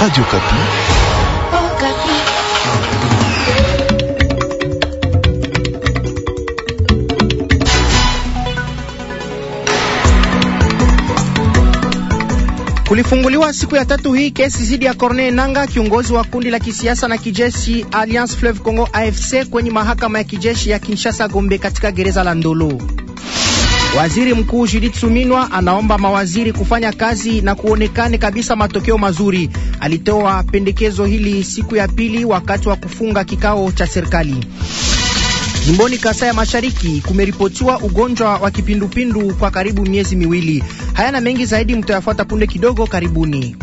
Radio Okapi. Kulifunguliwa siku ya tatu hii kesi dhidi ya Corneille nanga kiongozi wa kundi la kisiasa na kijeshi Alliance Fleuve Congo AFC, kwenye mahakama ya kijeshi ya Kinshasa Gombe katika gereza la Ndolo. Waziri Mkuu Judith Suminwa anaomba mawaziri kufanya kazi na kuonekane kabisa matokeo mazuri. Alitoa pendekezo hili siku ya pili wakati wa kufunga kikao cha serikali. Jimboni Kasai ya Mashariki kumeripotiwa ugonjwa wa kipindupindu kwa karibu miezi miwili. Hayana mengi zaidi mtayafuata punde kidogo karibuni.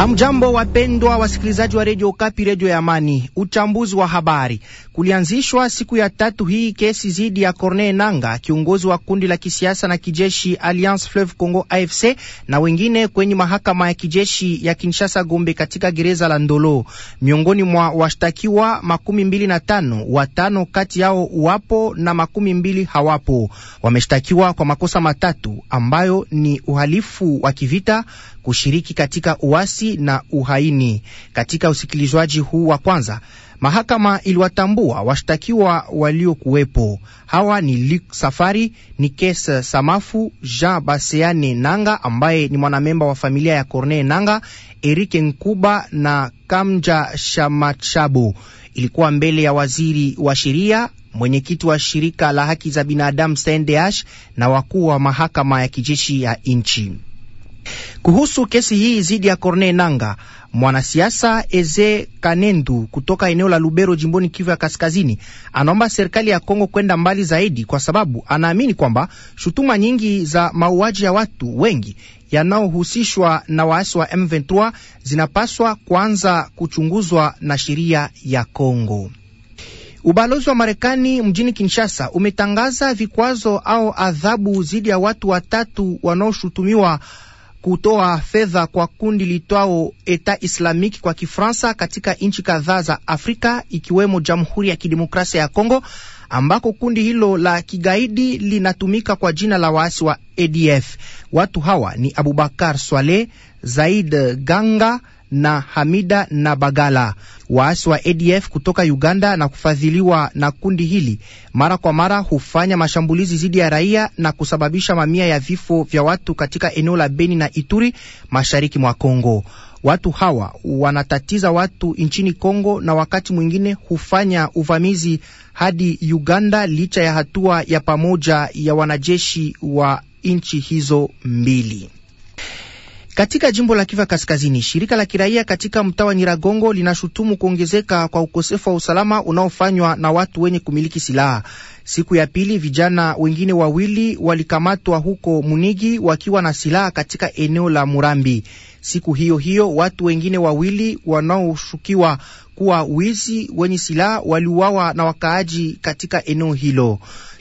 Hamjambo, wapendwa wasikilizaji wa redio Okapi, redio ya Amani. Uchambuzi wa habari. Kulianzishwa siku ya tatu hii kesi dhidi ya Corneille Nanga, kiongozi wa kundi la kisiasa na kijeshi Alliance Fleuve Congo AFC, na wengine kwenye mahakama ya kijeshi ya Kinshasa Gombe, katika gereza la Ndolo. Miongoni mwa washtakiwa makumi mbili na tano, watano kati yao wapo na makumi mbili hawapo. Wameshtakiwa kwa makosa matatu ambayo ni uhalifu wa kivita, kushiriki katika uasi na uhaini. Katika usikilizwaji huu wa kwanza, mahakama iliwatambua washtakiwa waliokuwepo. Hawa ni Luk Safari, Nikes Samafu, Jean Baseane Nanga ambaye ni mwanamemba wa familia ya Corneille Nanga, Erike Nkuba na Kamja Shamachabu. Ilikuwa mbele ya waziri wa sheria mwenyekiti wa shirika la haki za binadamu CNDH na wakuu wa mahakama ya kijeshi ya nchi. Kuhusu kesi hii dhidi ya Corne Nanga, mwanasiasa Eze Kanendu kutoka eneo la Lubero jimboni Kivu ya Kaskazini anaomba serikali ya Kongo kwenda mbali zaidi, kwa sababu anaamini kwamba shutuma nyingi za mauaji ya watu wengi yanayohusishwa na waasi wa M23 zinapaswa kuanza kuchunguzwa na sheria ya Kongo. Ubalozi wa Marekani mjini Kinshasa umetangaza vikwazo au adhabu dhidi ya watu watatu wanaoshutumiwa kutoa fedha kwa kundi litwao Eta Islamiki kwa Kifransa katika nchi kadhaa za Afrika ikiwemo Jamhuri ya Kidemokrasia ya Kongo ambako kundi hilo la kigaidi linatumika kwa jina la waasi wa ADF. Watu hawa ni Abubakar Swaleh, Zaid Ganga na Hamida na Bagala, waasi wa ADF kutoka Uganda na kufadhiliwa na kundi hili, mara kwa mara hufanya mashambulizi dhidi ya raia na kusababisha mamia ya vifo vya watu katika eneo la Beni na Ituri, mashariki mwa Kongo. Watu hawa wanatatiza watu nchini Kongo na wakati mwingine hufanya uvamizi hadi Uganda, licha ya hatua ya pamoja ya wanajeshi wa nchi hizo mbili. Katika jimbo la Kiva Kaskazini, shirika la kiraia katika mtaa wa Nyiragongo linashutumu kuongezeka kwa ukosefu wa usalama unaofanywa na watu wenye kumiliki silaha. Siku ya pili, vijana wengine wawili walikamatwa huko Munigi wakiwa na silaha katika eneo la Murambi. Siku hiyo hiyo, watu wengine wawili wanaoshukiwa kuwa wizi wenye silaha waliuawa na wakaaji katika eneo hilo.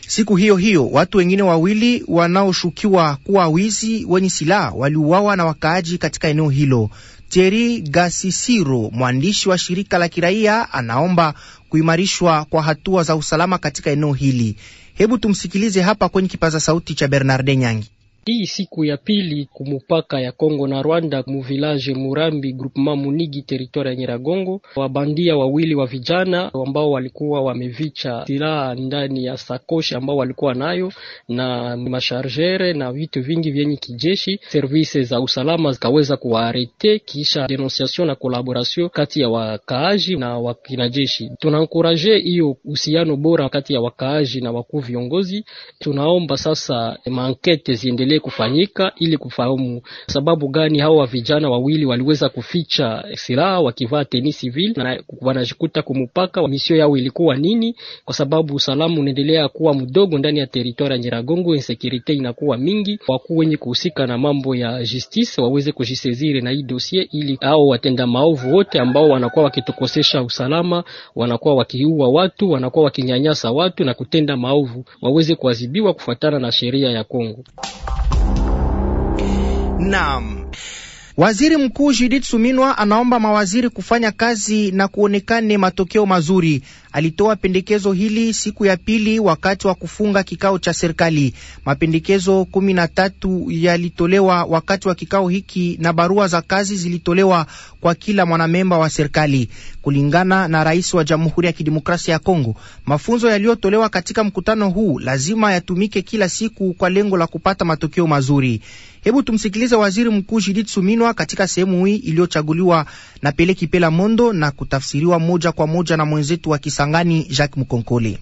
Siku hiyo hiyo watu wengine wawili wanaoshukiwa kuwa wizi wenye silaha waliuawa na wakaaji katika eneo hilo. teri Gasisiro, mwandishi wa shirika la kiraia, anaomba kuimarishwa kwa hatua za usalama katika eneo hili. Hebu tumsikilize hapa kwenye kipaza sauti cha Bernarde Nyangi hii siku ya pili kumupaka ya Kongo na Rwanda muvillage Murambi groupement Munigi teritoria ya Nyiragongo, wabandia wawili wa vijana ambao walikuwa wamevicha silaha ndani ya sakoshi ambao walikuwa nayo na mashargere na vitu vingi vyenye kijeshi. Service za usalama zikaweza kuwaarete kisha denonciation na collaboration kati ya wakaaji na wakinajeshi. Tunankuraje hiyo uhusiano bora kati ya wakaaji na wakuu viongozi. Tunaomba sasa mankete ziendelee iendelee kufanyika ili kufahamu sababu gani hao wa vijana wawili waliweza kuficha silaha wakivaa teni civil na wanajikuta kumupaka. Misio yao ilikuwa nini? Kwa sababu usalama unaendelea kuwa mdogo ndani ya teritoria ya Nyiragongo, insecurity inakuwa mingi. Wakuu wenye kuhusika na mambo ya justice waweze kujisezire na hii dossier, ili hao watenda maovu wote ambao wanakuwa wakitukosesha usalama, wanakuwa wakiua watu, wanakuwa wakinyanyasa watu na kutenda maovu waweze kuadhibiwa kufuatana na sheria ya Kongo. Naam. Waziri Mkuu Judith Suminwa anaomba mawaziri kufanya kazi na kuonekane matokeo mazuri alitoa pendekezo hili siku ya pili wakati wa kufunga kikao cha serikali. Mapendekezo kumi na tatu yalitolewa wakati wa kikao hiki na barua za kazi zilitolewa kwa kila mwanamemba wa serikali. Kulingana na rais wa Jamhuri ya Kidemokrasia ya Kongo, mafunzo yaliyotolewa katika mkutano huu lazima yatumike kila siku kwa lengo la kupata matokeo mazuri. Hebu tumsikilize waziri mkuu Judith Suminwa katika sehemu hii iliyochaguliwa na Peleki Pela Mondo na kutafsiriwa moja kwa moja na mwenzetu wa kisa Kisangani, Jacques Mukonkole.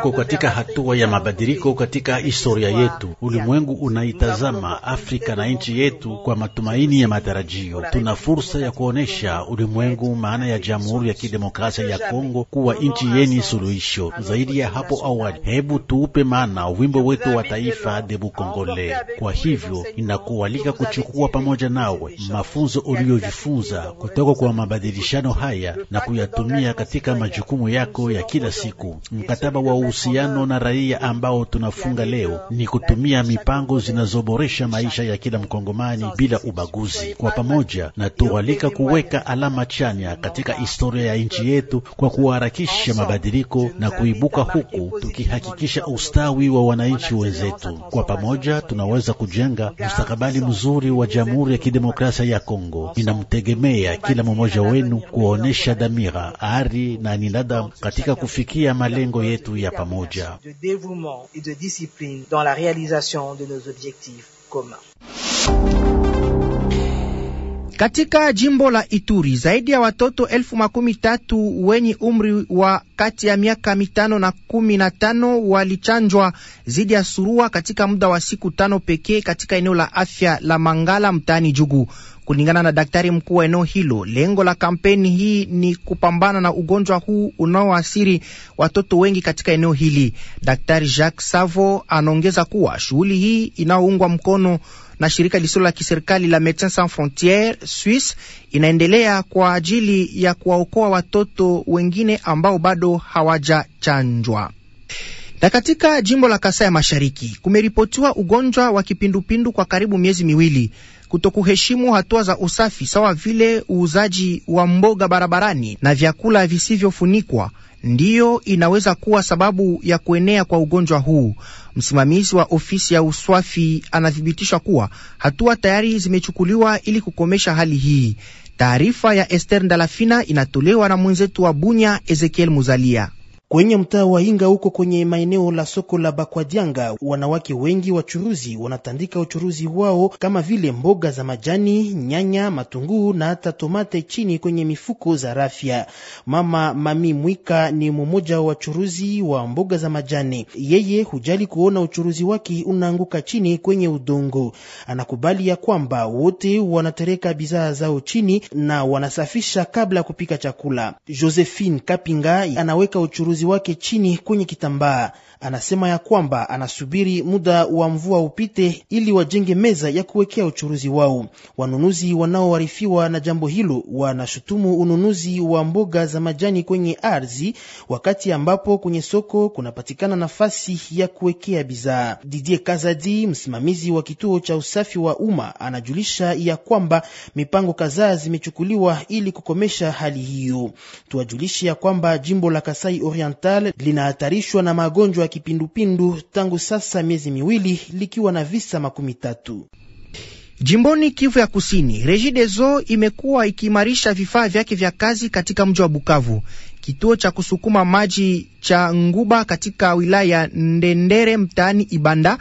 Tuko katika hatua ya mabadiliko katika historia yetu. Ulimwengu unaitazama Afrika na nchi yetu kwa matumaini ya matarajio. Tuna fursa ya kuonesha ulimwengu maana ya Jamhuri ya Kidemokrasia ya Kongo kuwa nchi yenye suluhisho zaidi ya hapo awali. Hebu tuupe maana wimbo wetu wa taifa Debu Kongole. Kwa hivyo, inakualika kuchukua pamoja nawe mafunzo uliyojifunza kutoka kwa mabadilishano haya na kuyatumia katika majukumu majukumu yako ya kila siku. Mkataba wa uhusiano na raia ambao tunafunga leo ni kutumia mipango zinazoboresha maisha ya kila Mkongomani bila ubaguzi. Kwa pamoja na tualika kuweka alama chanya katika historia ya nchi yetu kwa kuharakisha mabadiliko na kuibuka, huku tukihakikisha ustawi wa wananchi wenzetu. Kwa pamoja tunaweza kujenga mustakabali mzuri wa Jamhuri ya Kidemokrasia ya Kongo. Ninamtegemea kila mmoja wenu kuonesha dhamira, ari na nina dada katika kufikia malengo yetu ya pamoja. Katika jimbo la Ituri zaidi ya watoto elfu makumi tatu wenye umri wa kati ya miaka mitano na kumi na tano walichanjwa dhidi ya surua katika muda wa siku tano pekee katika eneo la afya la Mangala mtaani Jugu, kulingana na daktari mkuu wa eneo hilo. Lengo la kampeni hii ni kupambana na ugonjwa huu unaoasiri watoto wengi katika eneo hili. Daktari Jacques Savo anaongeza kuwa shughuli hii inayoungwa mkono na shirika lisilo la kiserikali la Medecins Sans Frontieres Swiss inaendelea kwa ajili ya kuwaokoa watoto wengine ambao bado hawajachanjwa na katika jimbo la Kasai ya Mashariki kumeripotiwa ugonjwa wa kipindupindu kwa karibu miezi miwili. Kutokuheshimu hatua za usafi sawa vile uuzaji wa mboga barabarani na vyakula visivyofunikwa ndiyo inaweza kuwa sababu ya kuenea kwa ugonjwa huu. Msimamizi wa ofisi ya uswafi anathibitisha kuwa hatua tayari zimechukuliwa ili kukomesha hali hii. Taarifa ya Ester Ndalafina inatolewa na mwenzetu wa Bunya, Ezekiel Muzalia. Kwenye mtaa wa Inga huko kwenye maeneo la soko la bakwadianga wanawake wengi wachuruzi wanatandika uchuruzi wao kama vile mboga za majani, nyanya, matunguu na hata tomate chini kwenye mifuko za rafia. Mama Mami Mwika ni mmoja wa wachuruzi wa mboga za majani. Yeye hujali kuona uchuruzi wake unaanguka chini kwenye udongo. Anakubali ya kwamba wote wanatereka bidhaa zao chini na wanasafisha kabla ya kupika chakula. Josephine Kapinga anaweka uchuruzi wake chini kwenye kitambaa Anasema ya kwamba anasubiri muda wa mvua upite ili wajenge meza ya kuwekea uchuruzi wao. Wanunuzi wanaoarifiwa na jambo hilo wanashutumu ununuzi wa mboga za majani kwenye ardhi, wakati ambapo kwenye soko kunapatikana nafasi ya kuwekea bidhaa. Didie Kazadi, msimamizi wa kituo cha usafi wa umma, anajulisha ya kwamba mipango kadhaa zimechukuliwa ili kukomesha hali hiyo. Tuwajulishe ya kwamba jimbo la Kasai Oriental linahatarishwa na magonjwa kipindupindu tangu sasa miezi miwili likiwa na visa makumi tatu. Jimboni Kivu ya Kusini, Regideso imekuwa ikiimarisha vifaa vyake vya kazi katika mji wa Bukavu. Kituo cha kusukuma maji cha Nguba katika wilaya ya Ndendere mtaani Ibanda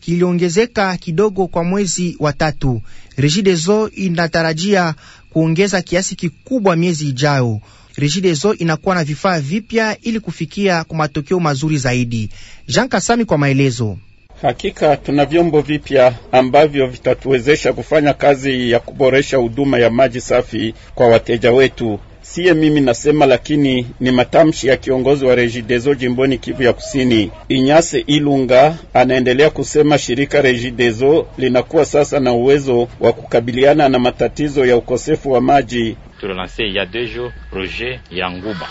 kiliongezeka kidogo kwa mwezi wa tatu. Regideso inatarajia kuongeza kiasi kikubwa miezi ijayo. Regideso inakuwa na vifaa vipya ili kufikia kwa matokeo mazuri zaidi. Jean Kasami kwa maelezo. Hakika tuna vyombo vipya ambavyo vitatuwezesha kufanya kazi ya kuboresha huduma ya maji safi kwa wateja wetu. Siye mimi nasema, lakini ni matamshi ya kiongozi wa Regideso jimboni Kivu ya Kusini, Inyase Ilunga. Anaendelea kusema shirika Regideso linakuwa sasa na uwezo wa kukabiliana na matatizo ya ukosefu wa maji relancé il y a deux jours projet Yanguba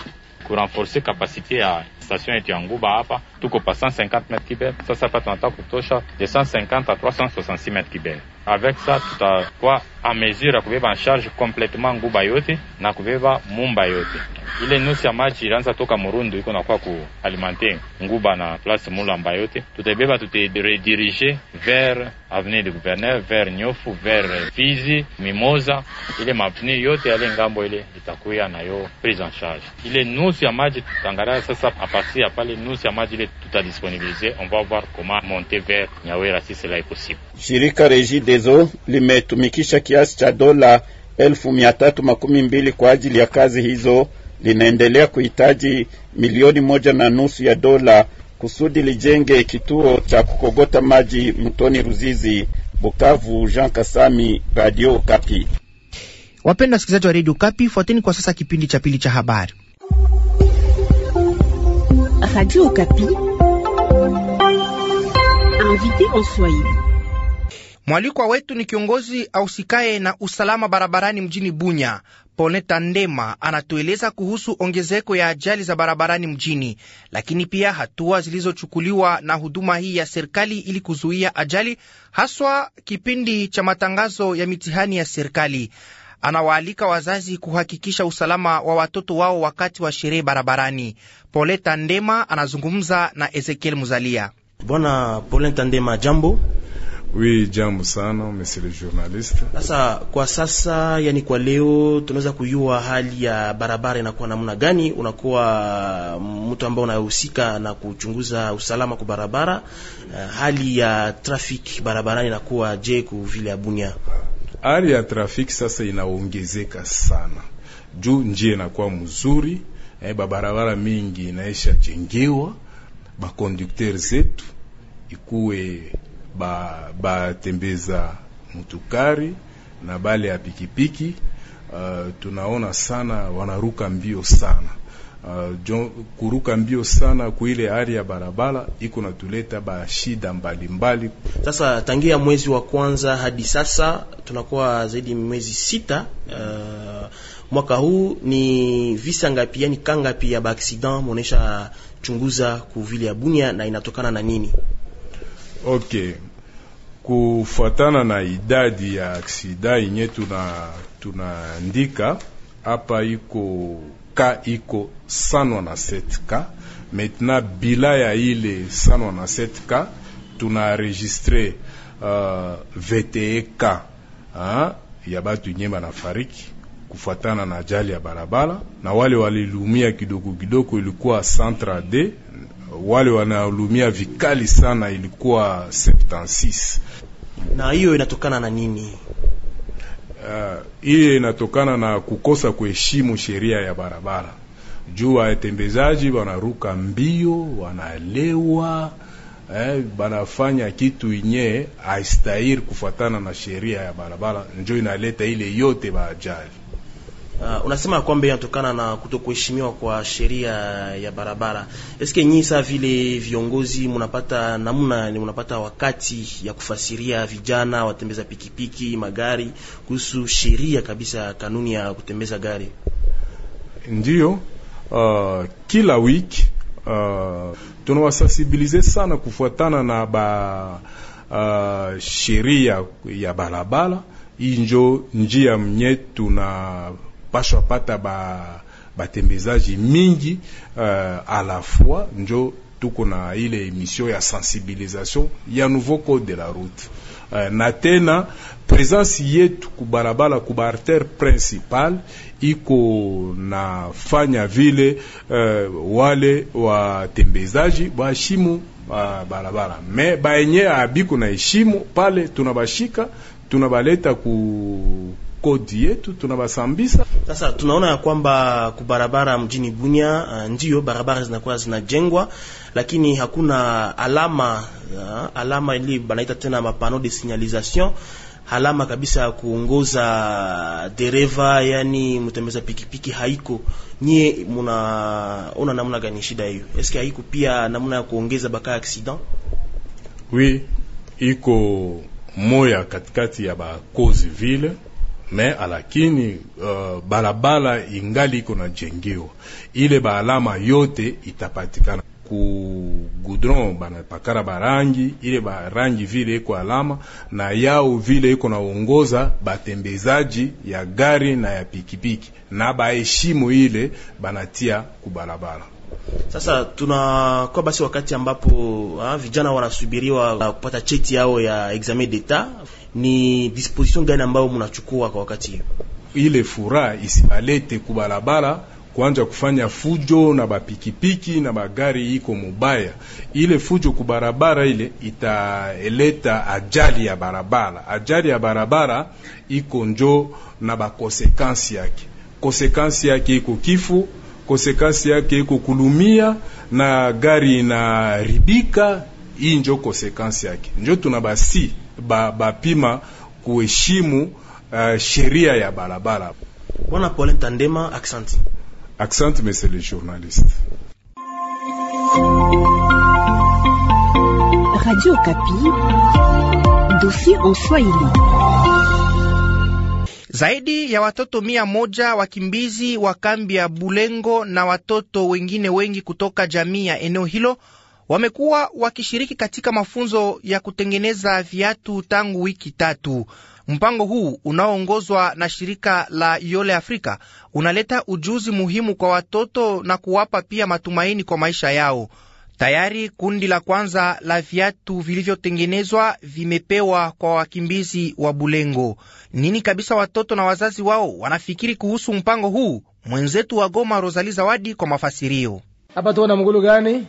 pour renforcer la capacité à station yangouba Apa tuko pa 150 mètres Ça, ça hapa tunataka kutosha de 150 à 366 mètres cubes. Avec ça tu quoi? À mesure ya kubeba en charge complètement nguba yote na kubeba mumba yote. Ile nusu ya maji ilianza toka Murundu iko nakuwa ku alimenter nguba na place mulamba yote, tutaibeba tutaredirige vers avenue du gouverneur, vers Nyofu, vers Fizi, Mimoza. Ile mapni yote yale ngambo ile itakuya nayo prise en charge. Ile nusu ya maji tutangalia sasa, apartir à pale nusu ya maji ile tout à disponibiliser. On va voir comment monter vers Nyawera si cela est possible. Shirika Regideso limetumikisha kiasi cha dola elfu mia tatu makumi mbili kwa ajili ya kazi hizo, linaendelea kuhitaji milioni moja na nusu ya dola kusudi lijenge kituo cha kukogota maji mtoni Ruzizi. Bukavu, Jean Kasami, Radio Kapi. Wapenda wasikilizaji wa Radio Kapi, fuateni kwa sasa kipindi cha pili cha habari Radio Kapi. Mwalikwa wetu ni kiongozi ausikaye na usalama barabarani mjini Bunya, Poleta Ndema anatueleza kuhusu ongezeko ya ajali za barabarani mjini, lakini pia hatua zilizochukuliwa na huduma hii ya serikali ili kuzuia ajali, haswa kipindi cha matangazo ya mitihani ya serikali. Anawaalika wazazi kuhakikisha usalama wa watoto wao wakati wa sherehe barabarani. Poleta Ndema anazungumza na Ezekiel Muzalia. Bwana Paulin Tandema, jambo. Oui, jambo sana monsieur le journaliste. Sasa kwa sasa, yani kwa leo tunaweza kujua hali ya barabara inakuwa namna gani? Unakuwa mtu ambaye unahusika na kuchunguza usalama kwa barabara, eh, hali ya traffic barabarani inakuwa je ku vile ya Bunia? Hali ya traffic sasa inaongezeka sana juu njia inakuwa mzuri eh, barabara mingi inaisha jengewa conducteur zetu ikuwe batembeza ba mutukari na bale ya pikipiki uh, tunaona sana wanaruka mbio sana uh, jo, kuruka mbio sana kuile hali ya barabara iko natuleta ba shida mbalimbali mbali. Sasa tangia mwezi wa kwanza hadi sasa tunakuwa zaidi mwezi sita uh, mwaka huu ni visa ngapi yani kangapi ya accident muonesha kuchunguza kuvile ya Bunia na inatokana na nini? Okay, kufuatana na idadi ya aksida yenye tunaandika tuna hapa iko ka iko sanwa na setka metna bila ya ile sanwa na setka tunaregistre uh, VTEK ya batu na fariki kufuatana na ajali ya barabara, na wale walilumia kidogo kidogo ilikuwa centre d wale wanalumia vikali sana ilikuwa 76. Na hiyo inatokana na nini? Uh, hiyo uh, inatokana na kukosa kuheshimu sheria ya barabara. Juu watembezaji wanaruka mbio, wanalewa eh, banafanya kitu inye aistahiri kufuatana na sheria ya barabara, njo inaleta ile yote baajali. Uh, unasema kwamba inatokana na kutokuheshimiwa kwa sheria ya barabara. Eske nyi sa vile viongozi mnapata namna ni mnapata wakati ya kufasiria vijana watembeza pikipiki, magari kuhusu sheria kabisa, kanuni ya kutembeza gari? Ndiyo, uh, kila week uh, tunawasensibilize sana kufuatana na ba uh, sheria ya barabara. Injo njia mnye tuna tunapashwa pata ba batembezaji mingi uh, a la fois njo tuko na ile emission ya sensibilisation ya nouveau code de la route uh, na tena presence yetu kubarabara kubarter principal iko nafanya vile uh, wale watembezaji waheshimu uh, barabara me baenye abiko na heshimu pale tunabashika tunabaleta ku kodi yetu tunabasambisa. Sasa tunaona ya kwamba kubarabara mjini Bunya uh, ndiyo barabara zinakuwa zinajengwa, lakini hakuna alama uh, alama ili banaita tena mapano de signalisation alama kabisa ya kuongoza dereva, yani mtembeza pikipiki haiko. Nyie munaona namna gani shida hiyo? Eske haiko pia namna ya kuongeza baka accident? Oui, iko moya katikati ya bakozi vile me alakini uh, balabala ingali iko na jengiwa, ile baalama yote itapatikana ku gudron banapakala barangi ile barangi vile iko alama na yao vile iko naongoza batembezaji ya gari na ya pikipiki na baheshimu ile banatia kubalabala Sasa tunakuwa basi wakati ambapo ha, ah, vijana wanasubiriwa ah, kupata cheti yao ya examen d'etat ni disposition gani ambayo mnachukua kwa wakati hiyo? Ile furaha isibalete kubalabala kuanja kufanya fujo na bapikipiki na bagari iko mubaya. Ile fujo kubarabara ile italeta ajali ya barabara. Ajali ya barabara iko njo na bakonsekansi yake, konsekansi yake iko kifu, konsekansi yake iko kulumia na gari inaribika. Hii njo konsekansi yake, njo tunabasi bapima ba kuheshimu uh, sheria ya barabara. Bwana Paul Tandema, accent accent, monsieur le journaliste Radio Okapi, dossier en Swahili. Zaidi ya watoto mia moja wakimbizi wa kambi ya Bulengo na watoto wengine wengi kutoka jamii ya eneo hilo wamekuwa wakishiriki katika mafunzo ya kutengeneza viatu tangu wiki tatu. Mpango huu unaoongozwa na shirika la Yole Afrika unaleta ujuzi muhimu kwa watoto na kuwapa pia matumaini kwa maisha yao. Tayari kundi la kwanza la viatu vilivyotengenezwa vimepewa kwa wakimbizi wa Bulengo. Nini kabisa watoto na wazazi wao wanafikiri kuhusu mpango huu? Mwenzetu wa Goma, Rosali Zawadi, kwa mafasirio. Hapa tuko na mgulu gani?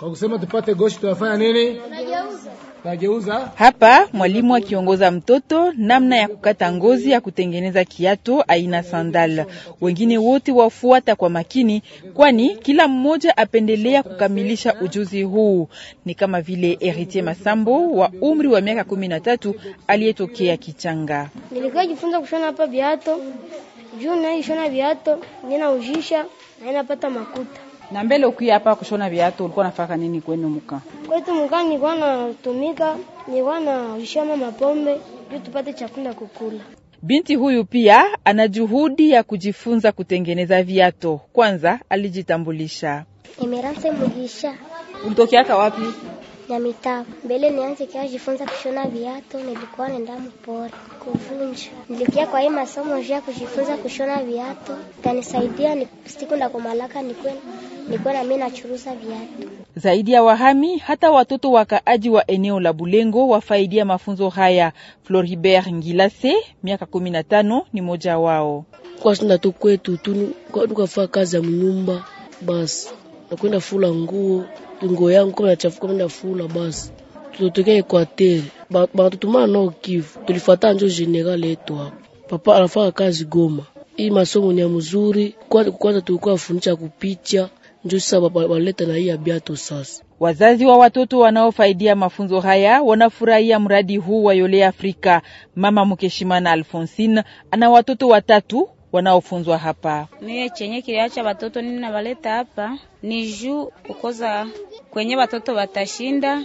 Kwa kusema tupate goshi tunafanya nini? Tunageuza. Tunageuza. Hapa mwalimu akiongoza mtoto namna ya kukata ngozi ya kutengeneza kiato aina sandal. Wengine wote wafuata kwa makini, kwani kila mmoja apendelea kukamilisha ujuzi huu. Ni kama vile Heritier Masambo wa umri wa miaka kumi na tatu aliyetokea Kichanga. Nilikuwa jifunza kushona hapa viato juu naishona viato ninaujisha na inapata makuta na mbele uki hapa kushona viatu ulikuwa nafaka nini kwenu muka? Kwetu mka nilikuwa natumika, nilikuwa naisha mama pombe ili tupate chakula kukula. Binti huyu pia ana juhudi ya kujifunza kutengeneza viatu. Kwanza alijitambulisha. Emerance Mugisha. Ulitokeaka wapi? Na mitako. Mbele nianze kia kujifunza kushona viatu, nilikuwa nenda mpori kuvunja. Nilikia kwa hii masomo ya kujifunza kushona viatu, kanisaidia ni siku ndakumalaka nikwenda nilikuwa na mimi nachuruza viatu. Zaidi ya wahami hata watoto wakaaji wa eneo la Bulengo wafaidia mafunzo haya. Floribert Ngilase miaka 15, ni moja wao. kwa shinda tu kwetu tu tukafaa kazi ya mnyumba basi nakwenda fula nguo nguo yangu kama nachafuka kwenda fula basi tutotokea Ekwateri banatutumana nao Kivu tulifuata njo general yetu hapo papa anafanya kazi Goma. Hii masomo ni ya mzuri kwanza, tulikuwa afundisha kupicha njuu waleta na hii biatu sasa. Wazazi wa watoto wanaofaidia mafunzo haya wanafurahia mradi huu wa Yole Afrika. Mama Mukeshimana Alfonsine ana watoto watatu wanaofunzwa hapa. Mie chenye kiliacha watoto nini nawaleta hapa ni juu ukoza kwenye watoto watashinda.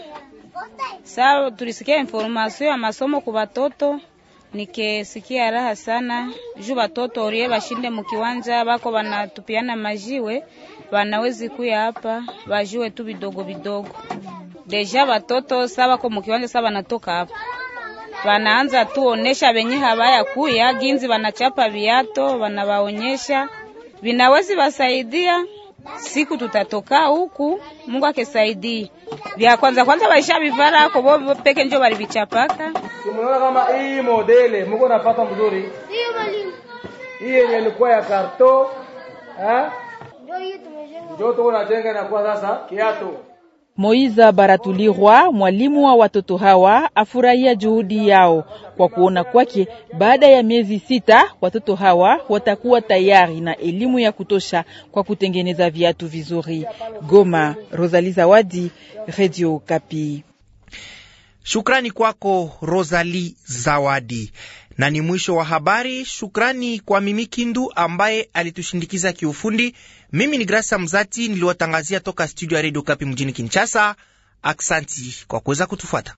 Sawa, tulisikia informasio ya masomo kwa watoto Nikesikia raha sana juu watoto orie washinde mukiwanja bako banatupiana majiwe, wanawezi kuya hapa wajue tu vidogo vidogo. Deja watoto sabako mukiwanja sa wanatoka hapa wanaanza tu onesha habaya kuya ginzi, wanachapa viato wanawaonyesha, vinawezi basaidia siku tutatoka huku, Mungu akisaidia. Vya kwanza kwanza waisha bivara bobo peke njo bali vichapaka. Tumeona kama hii modele Mungu anapata mzuri. Ndio mwalimu. Hii yenye ilikuwa ya karto, eh? Ndio hiyo tumejenga. Ndio tunajenga na kwa sasa kiatu. Moiza Baratulirwa, mwalimu wa watoto hawa, afurahia juhudi yao kwa kuona kwake, baada ya miezi sita watoto hawa watakuwa tayari na elimu ya kutosha kwa kutengeneza viatu vizuri. Goma, rosali Zawadi, Radio Kapi. Shukrani kwako rosali Zawadi na ni mwisho wa habari. Shukrani kwa mimi kindu ambaye alitushindikiza kiufundi. Mimi ni Grasa Mzati niliwatangazia toka studio ya Radio Kapi mjini Kinshasa. Aksanti kwa kuweza kutufuata.